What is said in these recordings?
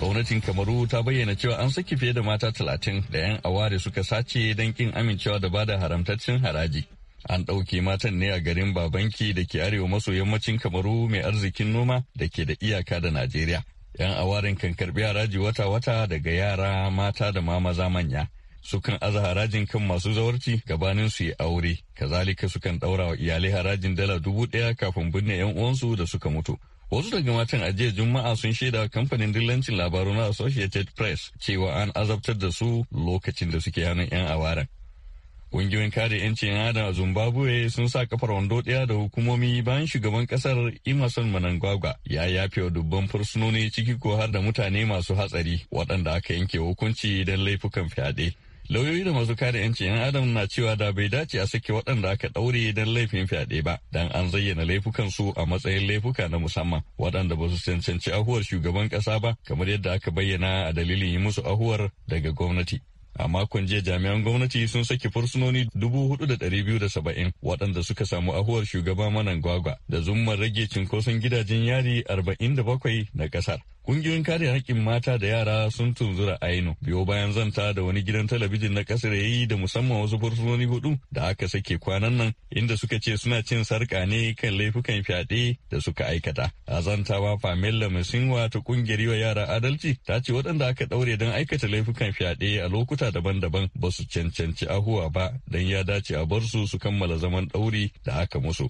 gwamnatin kamaru ta bayyana cewa an saki fiye da mata talatin da 'yan aware suka sace don kin amincewa da bada haramtaccen haraji an ɗauke matan ne a garin babanki da ke arewa maso yammacin kamaru mai arzikin noma da ke da iyaka da najeriya 'yan awarin kan karbi haraji wata-wata daga yara mata da ma maza manya sukan aza harajin kan masu zawarci gabanin su yi aure kazalika sukan ɗaura wa iyalai harajin dala dubu ɗaya kafin binne 'yan uwansu da suka mutu Wasu daga matan a jiya Juma'a sun shaida kamfanin dillancin labaru na Associated Press cewa an azabtar da su lokacin da suke hannun 'yan awara. Ƙungiyoyin kare 'yancin adam a Zimbabwe sun sa kafar wando ɗaya da hukumomi bayan shugaban ƙasar Emerson Mnangagwa ya yafe wa dubban fursunoni ciki ko har da mutane masu hatsari waɗanda aka yanke hukunci don laifukan fyaɗe. lauyoyi da masu kare 'yancin 'yan adam na cewa da bai dace a sake waɗanda aka ɗaure don laifin fyaɗe ba don an zayyana laifukan su a matsayin laifuka na musamman waɗanda ba su cancanci ahuwar shugaban ƙasa ba kamar yadda aka bayyana a dalilin yi musu ahuwar daga gwamnati a makon jiya jami'an gwamnati sun saki fursunoni 4,270 waɗanda suka samu ahuwar shugaba manan gwagwa da zumman rage cinkoson gidajen yari 47 na ƙasar Ƙungiyoyin kare haƙƙin mata da yara sun tunzura aino biyo bayan zanta da wani gidan talabijin na ƙasar ya yi da musamman wasu fursunoni hudu da aka sake kwanan nan inda suka ce suna cin sarƙa ne kan laifukan fyaɗe da suka aikata. A zantawa Pamela Masinwa ta ƙungiyar yi yara adalci ta ce waɗanda aka ɗaure don aikata laifukan fyaɗe a lokuta daban-daban ba su cancanci ahuwa ba don ya dace a bar su su kammala zaman ɗauri da aka musu.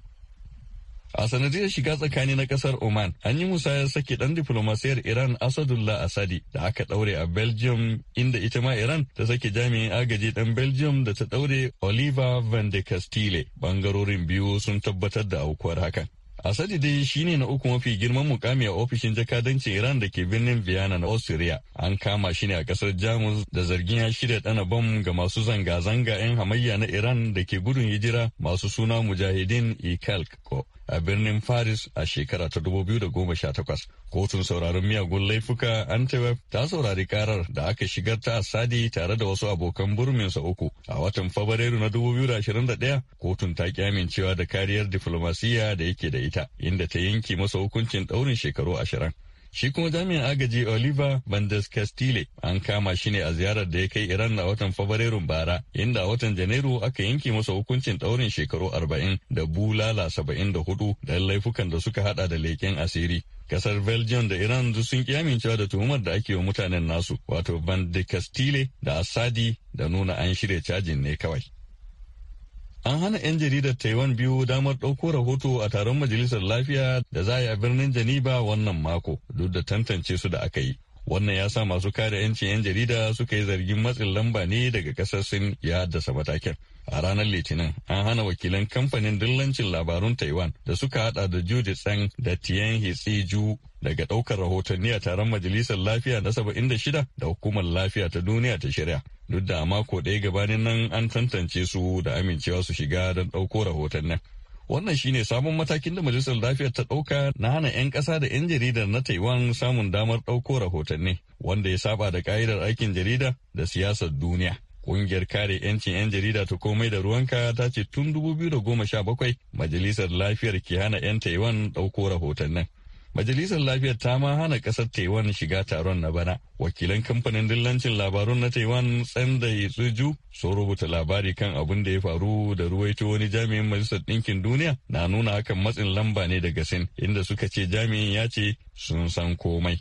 A sanadiyar shiga tsakani na kasar Oman, an yi musayar sake dan diplomasiyar Iran Asadullah Asadi da aka daure a Belgium inda ita ma Iran ta sake jami'in agaji dan Belgium da ta daure Oliver van de Castile. Bangarorin biyu sun tabbatar da aukuwar hakan. Asadi dai shine na uku mafi girman mukami a ofishin jakadancin Iran da ke birnin Vienna na Austria. An kama shi ne a kasar Jamus da zargin ya shirya dana bam ga masu zanga-zanga 'yan hamayya na Iran da ke gudun hijira masu suna Mujahideen Ikalko. a birnin Paris a shekara ta 2018. Kotun sauraron miyagun laifuka Antwerp ta saurari karar da aka shigar ta Asadi tare da wasu abokan burminsa uku. A watan Fabrairu na 2021, kotun ta ki amincewa da kariyar diflomasiyya da yake da ita, inda ta yanke masa hukuncin daurin shekaru ashirin. Shi kuma jami'in agaji Oliver Bandes Castile an kama shi ne a ziyarar da ya kai Iran a watan Fabrairun bara, inda a watan Janairu aka yanke masa hukuncin ɗaurin shekaru arba'in da bulala saba'in da hudu da laifukan da suka hada da leken asiri. Kasar Belgium da Iran duk sun amincewa da tuhumar da ake wa mutanen nasu, wato Bandes Castile da Asadi da nuna an shirya cajin ne kawai. An hana 'yan jaridar Taiwan biyu damar ɗauko rahoto a taron Majalisar Lafiya da za a yi a birnin Janiba wannan mako duk da tantance su da aka yi. Wannan ya sa masu kare 'yancin 'yan jarida suka yi zargin matsin lamba ne daga kasar Sin ya haddasa matakin. A ranar Litinin, an hana wakilan kamfanin dillancin labarun Taiwan da suka hada da Judy Tsang da Tian Ju daga daukar rahotanni a taron Majalisar Lafiya na 76 da Hukumar Lafiya ta Duniya ta shirya. Duk da a mako ɗaya gabanin nan an tantance su da amincewa su shiga don ɗauko rahotannin. Wannan shine sabon matakin da Majalisar Lafiyar ta ɗauka na hana 'yan ƙasa da 'yan jarida na Taiwan samun damar ɗauko rahotanni, wanda ya saba da ƙa'idar aikin jarida da siyasar duniya. Ƙungiyar kare 'yancin 'yan jarida ta komai da ruwanka ta ce tun 2017 Majalisar Lafiyar ke hana 'yan Taiwan ɗauko rahotannin. Majalisar Lafiyar ta ma hana ƙasar Taiwan shiga taron na bana. Wakilan kamfanin dillancin labarun na Taiwan Tsanda Tsuju sun rubuta labari kan abin da ya faru da ruwaito wani jami'in Majalisar Ɗinkin Duniya na nuna hakan matsin lamba ne daga Sin inda suka ce jami'in ya ce sun san komai.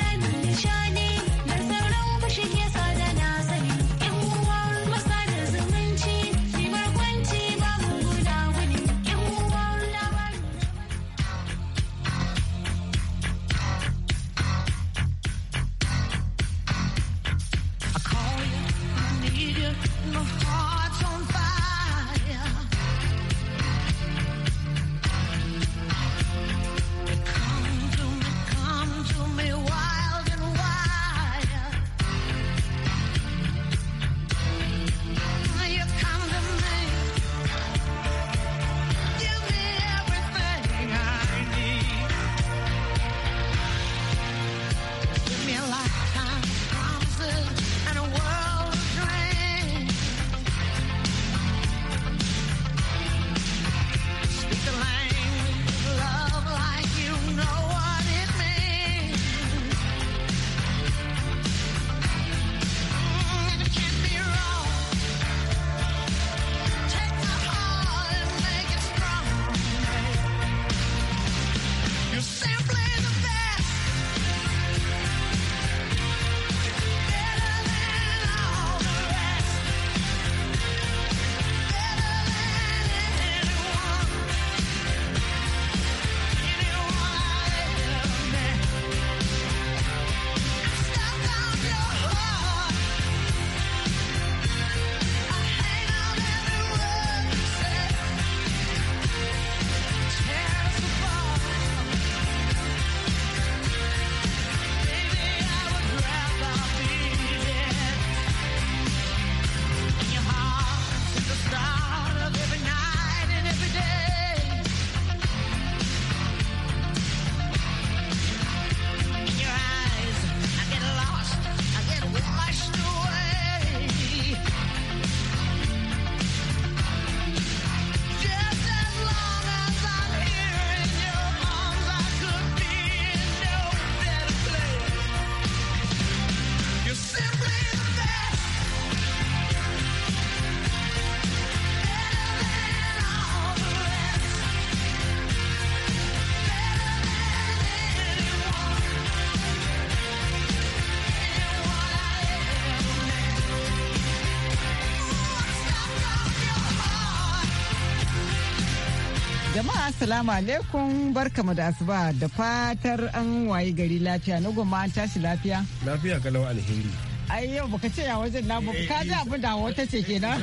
assalamu alaikum barkamu da asuba da fatar an wayi gari lafiya na goma an tashi lafiya lafiya kalau alheri ai yau baka ce ya wajen na baka ka ji abin da wata ce kenan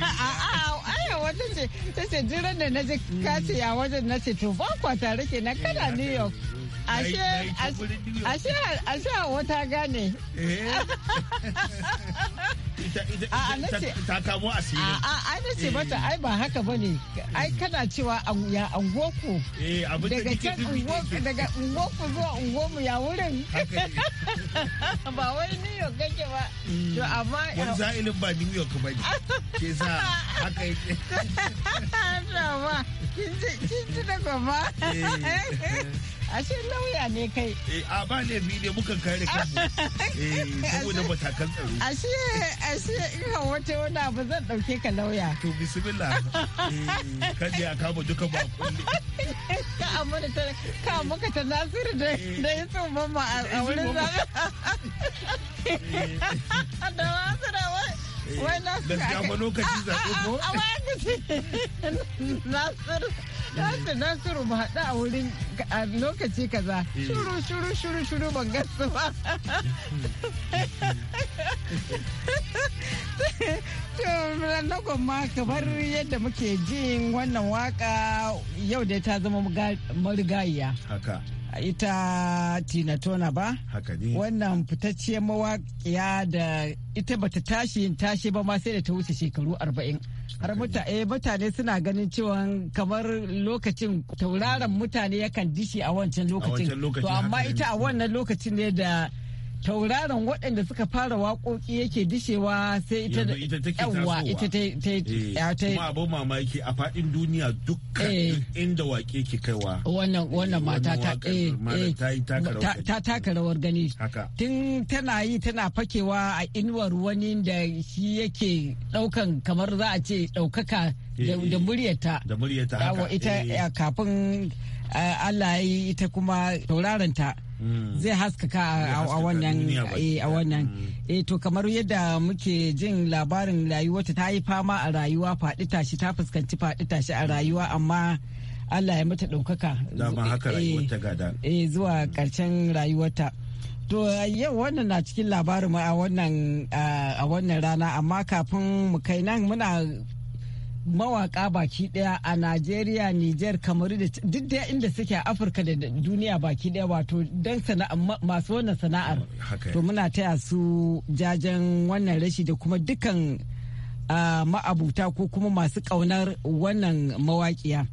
a'a wata ce ta ce jiran da na ji ka ce ya wajen na ce to ba kwa tare kenan kana new york ashe ashe wata gane eh. ta kamo asiri a na ce eh. mata ai ba haka ba ne ai kana cewa ya angoku eh, daga can daga ungoku zuwa ungomu ya wurin ba wai new york kake ba mm. to amma wani sa'ilin ba new york ba ke sa haka yake kin ji da gaba ashe lauya ne kai eh a ba ne bi ne muka kare kanmu eh saboda matakan tsaro ashe ashe in ha wata wani abu zan dauke ka lauya to bismillah eh, kan a kama duka ba kulle ka amma ta ka muka ta nasiru da da ya mamma a wurin eh, zaka. da wasu da wasu wai nasir nasiru ba haɗu a wurin lokaci kaza eh. shuru shuru shuru shuru ban gasu ba na gwamma kamar yadda muke jin wannan waka yau dai ta zama marigayiya haka ita tina tona ba wannan fitacciyar mawaƙiya da ita bata tashi yin tashi ba ma sai da ta wuce shekaru arba'in har eh, mutane suna ganin cewa kamar lokacin tauraron mutane yakan dishi a wancan lokacin to amma ita a wannan lokacin ne da tauraron waɗanda suka fara waƙoƙi yake dishewa sai ita da yawa ita ta eh, ta kuma abin mamaki a faɗin duniya dukkan eh. inda waƙe ke kaiwa wannan wannan mata ta eh, ta taka rawar gani tun tana yi tana fakewa a inuwar wani da shi yake ɗaukan kamar za a ce ɗaukaka da muryarta da muryarta haka ita kafin Eh, Allah ya yi ita kuma tauraron ta hmm. zai haskaka a wannan eh, a wannan hmm. eh to kamar yadda muke jin labarin rayuwarta ta yi fama a rayuwa faɗi tashi ta fuskanci faɗi tashi a rayuwa amma Allah ya mata ɗaukaka eh, zuwa ƙarshen rayuwarta. To yau wannan na cikin labarin a wannan rana amma kafin mu kai nan muna mawaka baki daya a Najeriya, Nijar, Kamaru da duk da inda suke a Afirka da duniya baki daya wato dan masu wannan sana'ar. To muna taya su jajen wannan rashi da kuma dukan ah, ma'abuta ko kuma masu kaunar wannan mawaƙiya.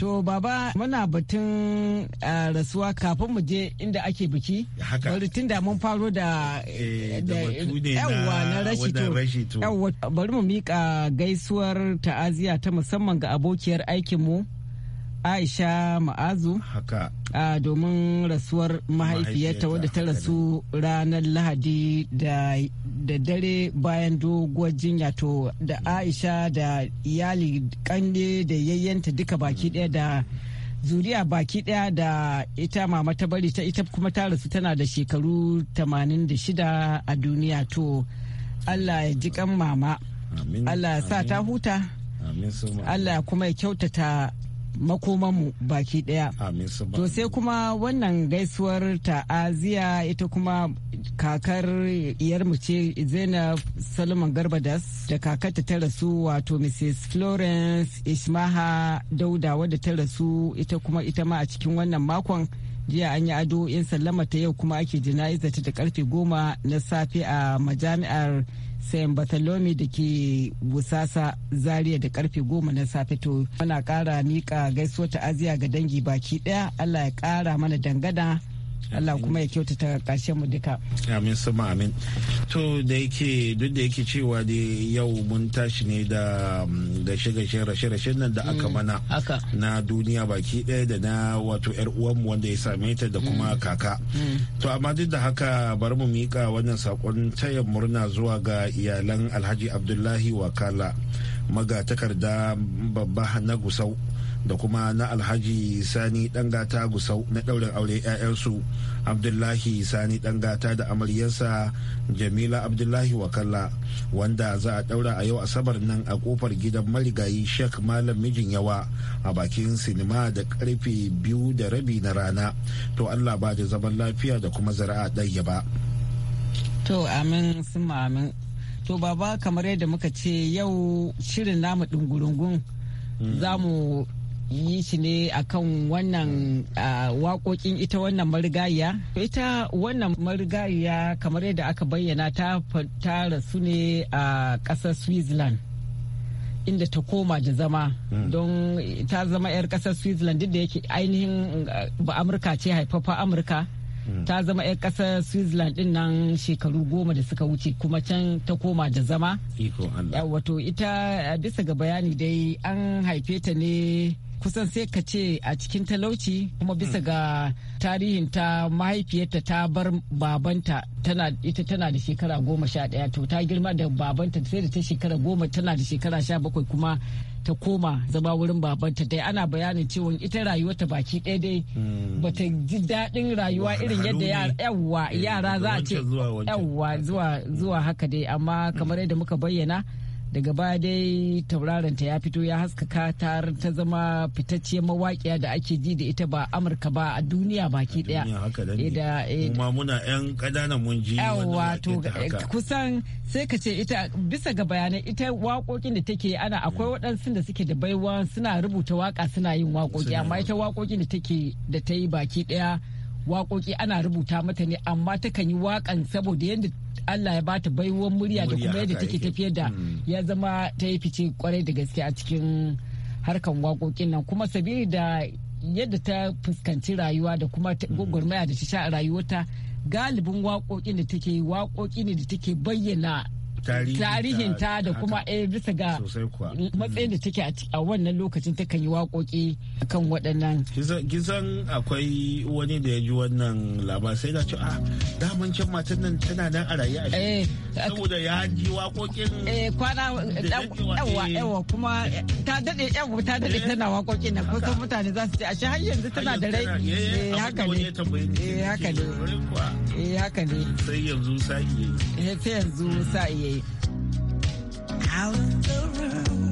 To baba muna batun eh, rasuwa kafin mu je inda ake biki. Bari tun da mun faro da yawwa eh, na rashito. Yawwa bari mu miƙa gaisuwar ta'aziya ta musamman ga abokiyar aikinmu. mu. aisha ma'azu haka a domin rasuwar mahaifiyarta wadda ta rasu ranar lahadi da dare bayan doguwar jinya to da mm. aisha da iyali kande da yayyanta duka baki daya mm. da zuriya baki daya da ita mama ta bari ta ita kuma ta rasu tana da shekaru 86 a duniya to allah ya ji kan mama allah ya sa ta huta allah kuma ya kyautata makomanmu baki daya. To sai kuma wannan gaisuwar ta'aziya ita kuma kakar iyarmu ce Zainab Salman Garbadas da kakarta ta rasu wato Mrs. Florence Ismaha Dauda wadda ta rasu ita kuma ita ma a cikin wannan makon. jiya an yi ado yan sallama ta yau kuma ake jana'iza ta da karfe goma na safe a majami'ar sayan batalomi da ke busasa zaria da karfe goma na safe to muna kara mika ta aziya ga dangi baki daya allah ya kara mana dangana Allah kuma ya kyautata ƙarshen mu duka amin sama amin to da yake duk da yake cewa da yau mun tashi ne da gashe um, gashe rashe-rashen nan da aka mm, mana na duniya baki ɗaya da na wato yar uwanmu wanda ya same ta da kuma mm, kaka mm. to amma duk da haka bari mu mika wannan sakon tayar murna zuwa ga iyalan Alhaji Abdullahi Wakala magatakarda babba na Gusau da kuma na alhaji sani dangata gusau na daurin aure 'ya'yansu abdullahi sani dangata da amaryarsa jamila abdullahi wakalla wanda za a daura a yau asabar nan a kofar gidan marigayi sheikh malam mijin yawa a bakin sinima da karfe biyu da rabi na rana to allah ba da zaman lafiya da kuma zara'a ɗaya ba to amin sun to baba kamar yadda muka ce yau shirin namu ɗungurungun hmm. za mu yi shi ne akan wannan waƙoƙin ita wannan marigayya ita wannan marigayya kamar yadda aka bayyana ta rasu ne a ƙasar switzerland inda ta koma da zama hmm. don ta zama 'yar ƙasar switzerland duk da yake ainihin ba amurka ce haifafa amurka hmm. ta zama 'yar kasar switzerland din nan shekaru goma da suka wuce kuma can ta koma da zama wato ita bisa ga bayani dai an haife ta ne kusan sai ka ce a cikin talauci kuma bisa mm. ga tarihin ta mahaifiyarta ta bar babanta tana ita tana da shekara goma sha ɗaya to ta girma da babanta sai da ta shekara goma tana da shekara sha bakwai kuma ta koma zama wurin babanta dai ana bayanin cewa ita rayuwarta baki ɗaya dai mm. bata ji daɗin rayuwa irin yadda yawwa eh, yara za a ce yawwa zuwa haka dai amma mm. kamar yadda muka bayyana daga baya dai ta ya fito ya haskaka ta ta zama fitacciyar mawaƙiya da ake ji da ita ba amurka ba a duniya baki daya da kuma eh, muna yan mun ji wato eh, kusan sai ka ce ita bisa ga bayanai ita waƙoƙin da take ana akwai hmm. waɗansu da suke da baiwa suna rubuta waka suna yin wakoki amma ita waƙoƙin da take da ta yi baki daya waƙoƙi ana rubuta mata ne amma takan yi waƙan saboda yadda Allah ya bata baiwar murya da kuma yadda take tafiyar da hmm. ya zama ta yi fice kwarai da gaske a cikin harkan waƙoƙin nan kuma sabiri da yadda ta fuskanci rayuwa da kuma hmm. gwagwarmaya da ta sha a rayuwarta galibin waƙoƙin da take waƙoƙi ne da take bayyana tarihinta da kuma eh, bisa ga matsayin da mm. take a wannan lokacin ta kan yi waƙoƙi kan waɗannan. Gizan akwai wani da ya ji wannan labar sai na a ah, daman can matan nan tana nan a raye a eh, saboda ya ji waƙoƙin. Eh kwana yawa yawa kuma ta daɗe yawa ta daɗe eh. tana waƙoƙin nan kusan mutane za su ce a shi har yanzu tana da rai. haka ne. Eh haka ne. Eh haka ne. Sai yanzu sa'iye. Sai yanzu sa'iye. Out of the room.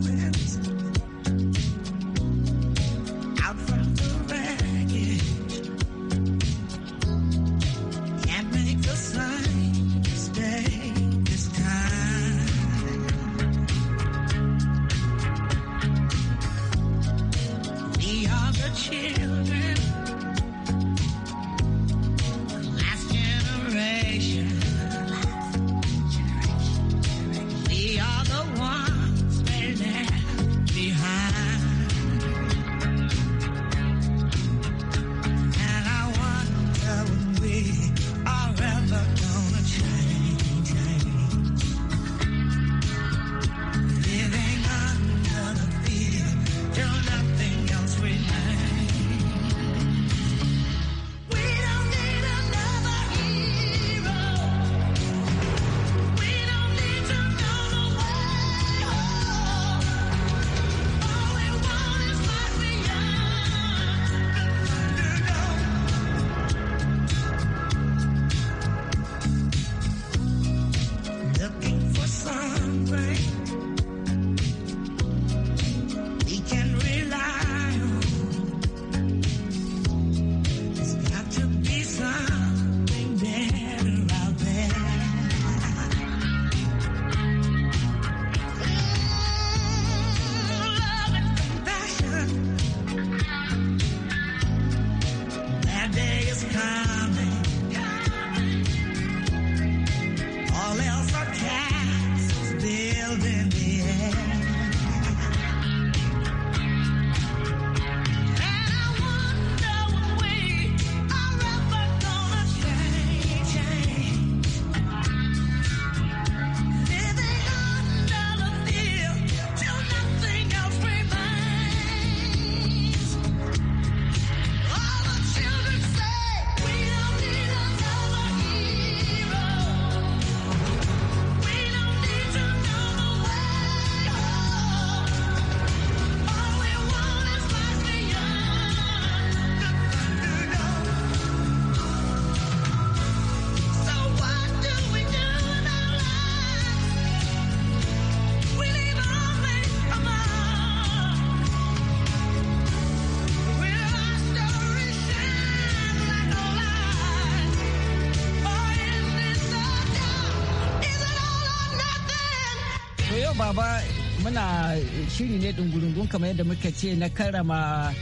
shiri ne dungurungun kamar yadda muka ce na karama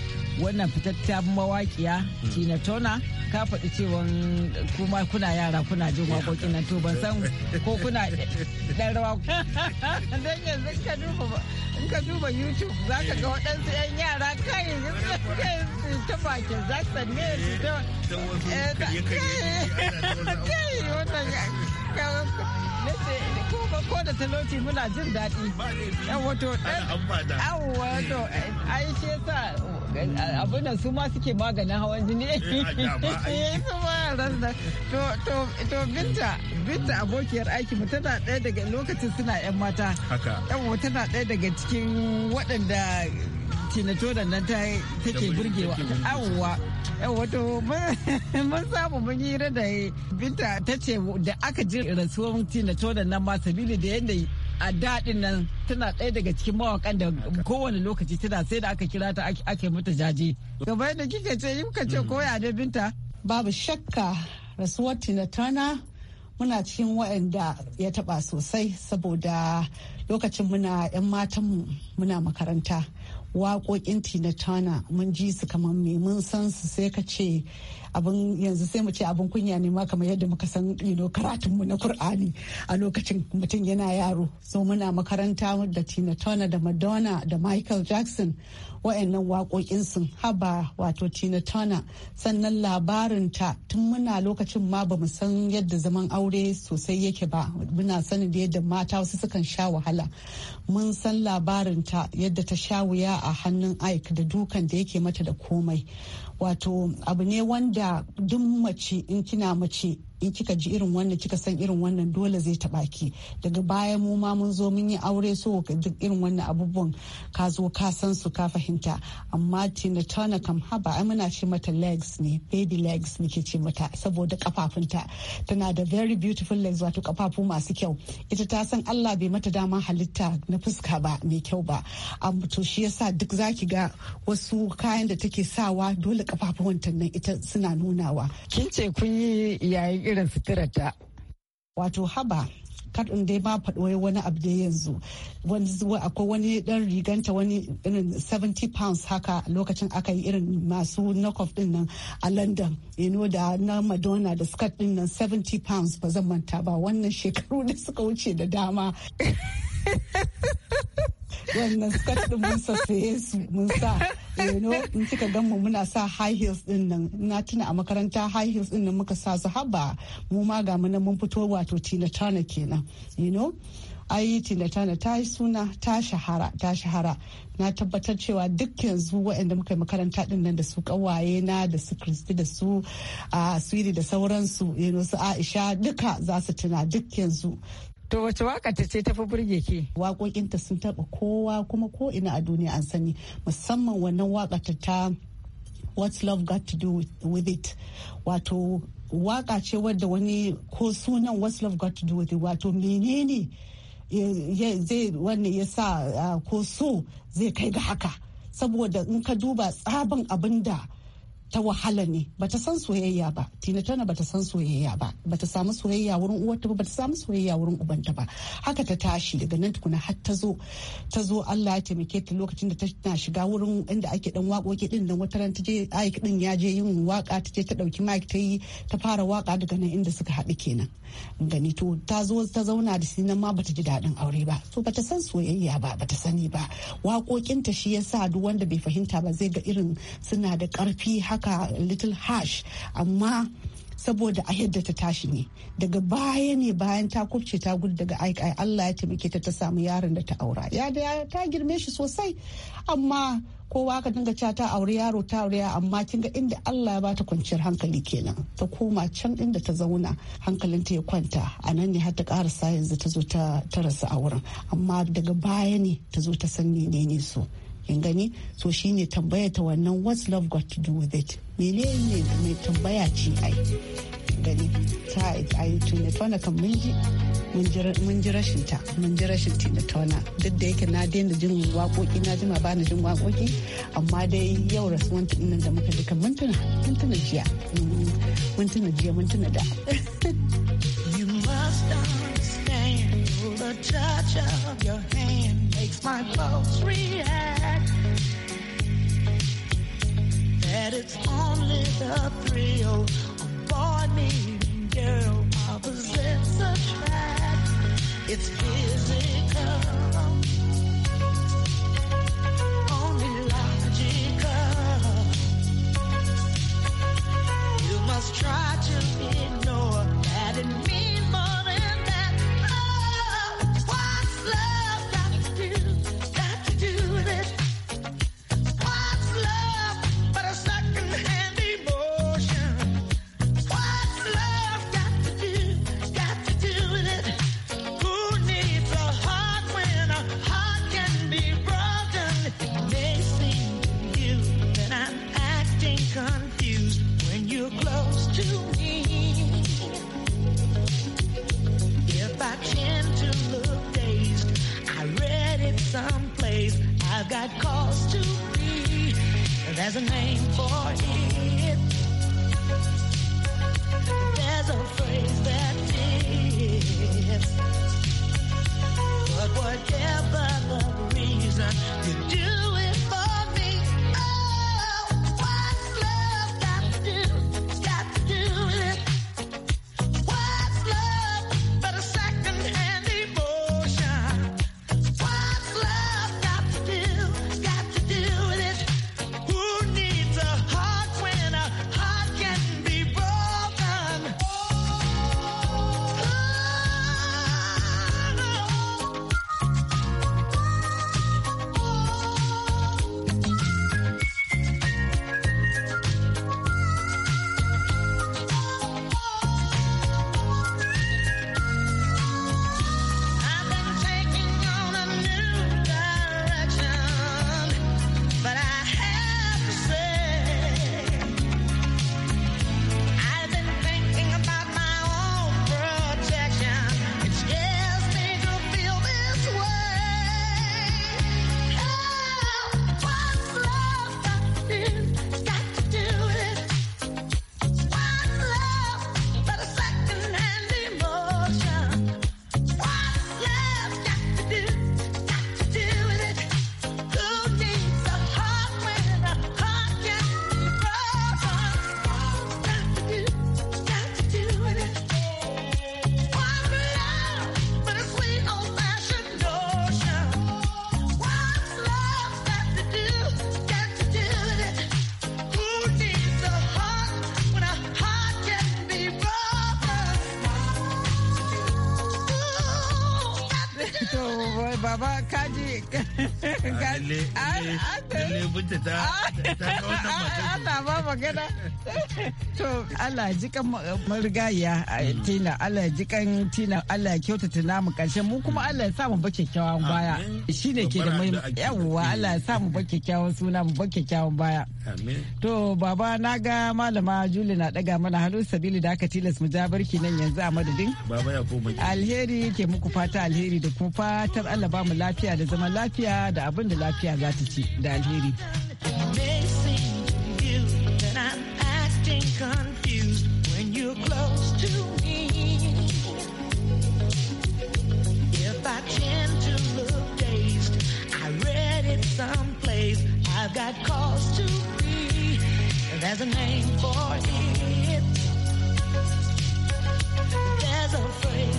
wannan fitattun mawaƙiya hmm. Tina tona ka faɗi cewa kuma kuna yara kuna jin waƙoƙin nan to ban san ko kuna ɗan rawa don yanzu ka duba in ka duba YouTube za ka ga waɗansu 'yan yara kai ta bakin ne su ta eh, kai wannan ko da talauci muna jin daɗi yan wato ɗan eh, wato eh, ai shi yasa eh, abin da su ma suke maganin hawan jini su ma to binta binta abokiyar aiki mu tana ɗaya daga lokacin suna yan mata haka yan tana ɗaya daga cikin waɗanda ce na jordan nan ta take burgewa awwa wato mun samu mun yi da binta ta ce da aka ji rasuwar tina jordan nan ma sabili da yadda a daɗin nan tana ɗaya daga cikin mawakan da kowane lokaci tana sai da aka kira ta ake mata jaje gaba da kike ce yi ka ce mm. koya da binta babu shakka rasuwar tina tana muna cikin waɗanda ya taba sosai saboda lokacin muna 'yan matanmu muna makaranta waƙoƙin tina tana mun ji su kamar mai mun san su sai ka ce abin yanzu sai mu ce abin kunya ne ma kamar yadda muka san you karatun mu na Kur'ani a lokacin mutum yana yaro so muna makaranta da Tina Turner da Madonna da Michael Jackson wayannan waƙoƙin sun haba wato Tina Turner sannan labarinta tun muna lokacin ma ba mu san yadda zaman aure sosai yake ba muna sanin da yadda mata wasu sukan sha wahala mun san labarinta yadda ta sha wuya a hannun Ike da dukan da yake mata da komai wato abu ne wanda duk mace in kina mace in kika ji irin wannan kika san irin wannan dole zai taba ki daga baya mu ma mun zo mun yi aure so duk irin wannan abubuwan ka zo ka san su ka fahimta amma tina tana kam haba ai muna ce mata legs ne baby legs muke ce mata saboda kafafunta tana da very beautiful legs wato kafafu masu kyau ita ta san Allah bai mata dama halitta na fuska ba mai kyau ba amma to shi yasa duk zaki ga wasu kayan da take sawa dole kafafuwan nan ita suna nunawa kin ce kun yi yayi irin Wato haba kadin dai ma faɗo wani abu da yanzu akwai wani ɗan riganta wani irin 70 pounds haka lokacin aka yi irin masu knockoff din nan a london ino da na madonna da skirt din nan 70 pounds ba zan manta ba wannan shekaru da suka wuce da dama wannan skirt din mun sassaye su mun sa yano in kika gan mu muna sa high heels din nan na tuna a makaranta high heels din nan muka sa su haba mu ma ga mu mun fito wato tina tana kenan you know ai tina tana ta yi suna ta shahara ta shahara na tabbatar cewa duk yanzu waɗanda muka yi makaranta din nan da su kawaye na da su kristi da su a ah, da sauransu yano su aisha duka za su tuna duk yanzu To wace waka ta ce tafi burge ki? Waƙoƙinta sun taɓa kowa kuma ko ina a duniya an sani musamman wannan waka ta ta What's Love Got to Do With It wato waka ce wadda wani ko sunan What's Love Got to Do With It wato menene eh, zai wannan ya sa ah, ko so zai kai ga haka saboda in ka duba tsabin abin da ta wahala ne bata san soyayya ba tina tana bata san soyayya ba bata samu soyayya wurin uwarta ba bata samu soyayya wurin ubanta ba haka ta tashi daga nan tukuna har ta zo ta zo Allah ya taimake ta lokacin da tana shiga wurin inda ake dan waƙoƙi din nan wata ran ta je aiki din ya je yin waka ta je ta dauki mic ta yi ta fara waka daga nan inda suka haɗu kenan gani to ta zo ta zauna da shi sinan ma ta ji daɗin aure ba so ta san soyayya ba ba ta sani ba waƙoƙinta shi yasa duk wanda bai fahimta ba zai ga irin suna da ƙarfi haka little harsh amma saboda a yadda ta tashi ne daga baya ne bayan ta kubce ta gudu daga aikai Allah ya taimake ta ta samu yaron da ta aura ya da ta girme shi sosai amma kowa ka dinga cewa ta aure yaro ta aure amma kin ga inda Allah ya bata kwanciyar hankali kenan ta koma can inda ta zauna hankalinta ya kwanta a nan ne har ta karasa yanzu ta zo ta rasa auren amma daga baya ne ta zo ta san menene su. kin gani so shine tambaya ta wannan what's love got to do with it menene mai tambaya ce ai gani ta ai tuna tona kan mun ji mun ji rashin ta mun ji rashin tina tona duk da yake na daina jin waƙoƙi na jima bani jin waƙoƙi amma dai yau rasuwan tunan da muka ji kan mun tuna jiya mun tuna jiya mun da You must understand the touch of your hand my folks react that it's only the thrill of boy meeting girl opposites attract. It's physical. kaji kaji ana ba magana to Allah ji kan marigaya mm. tina Allah ji kan tina Allah ya kyautata namu karshe mu kuma mm. Allah ya sa mu ba kyakkyawan baya shine ke da mai yawwa Allah ya sa mu ba kyakkyawan suna mu ba kyakkyawan baya To baba na ga malama Juli na daga mana hannu sabili da aka tilas mu barki nan yanzu a madadin. Baba ya koma Alheri ke muku fata alheri da kuma fatar Allah ba mu lafiya da zaman lafiya da abin da lafiya za ta ci da alheri. I've got calls to. There's a name for it. There's a phrase.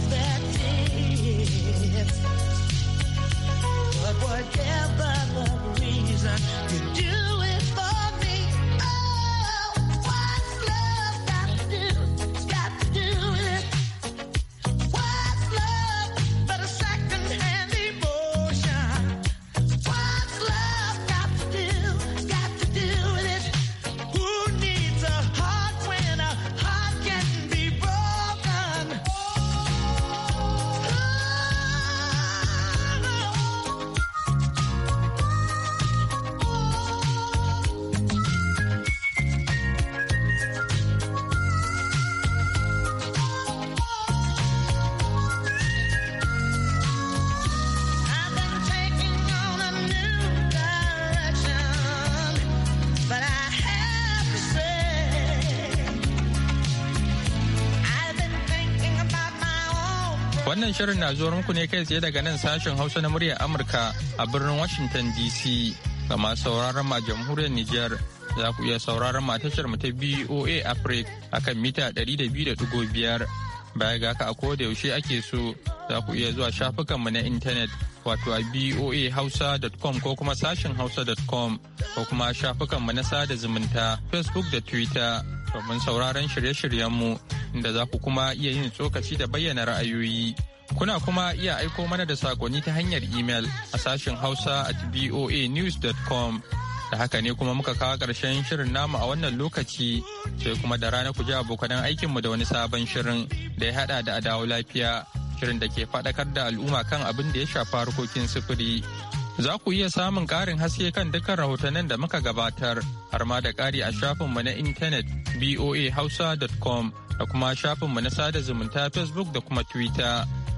Wannan shirin na zuwa muku ne kai tsaye daga nan sashen Hausa na muryar Amurka a birnin Washington DC. Ga masu sauraron ma jamhuriyar Nijar za ku iya sauraron ma tashar mu ta BOA Africa akan mita 200.5 Baya ga haka a koda yaushe ake so za ku iya zuwa shafukanmu na intanet wato a boahausa.com ko kuma sashen hausa.com ko kuma shafukanmu na sada zumunta Facebook da Twitter domin sauraron shirye-shiryenmu inda za ku kuma iya yin tsokaci da bayyana ra'ayoyi. Kuna kuma iya aiko mana da sakonni ta hanyar imel a sashen hausa at voanews.com Da haka ne kuma muka kawo ƙarshen shirin namu a wannan lokaci sai kuma da rana ku ji abokanan aikinmu da wani sabon shirin da ya haɗa da adawo lafiya shirin da ke faɗakar da al'umma kan abin da ya shafa harkokin sufuri. Za ku iya samun ƙarin haske kan dukkan rahotannin da muka gabatar har ma da ƙari a shafinmu na intanet hausa.com da kuma shafinmu na sada zumunta Facebook da kuma Twitter.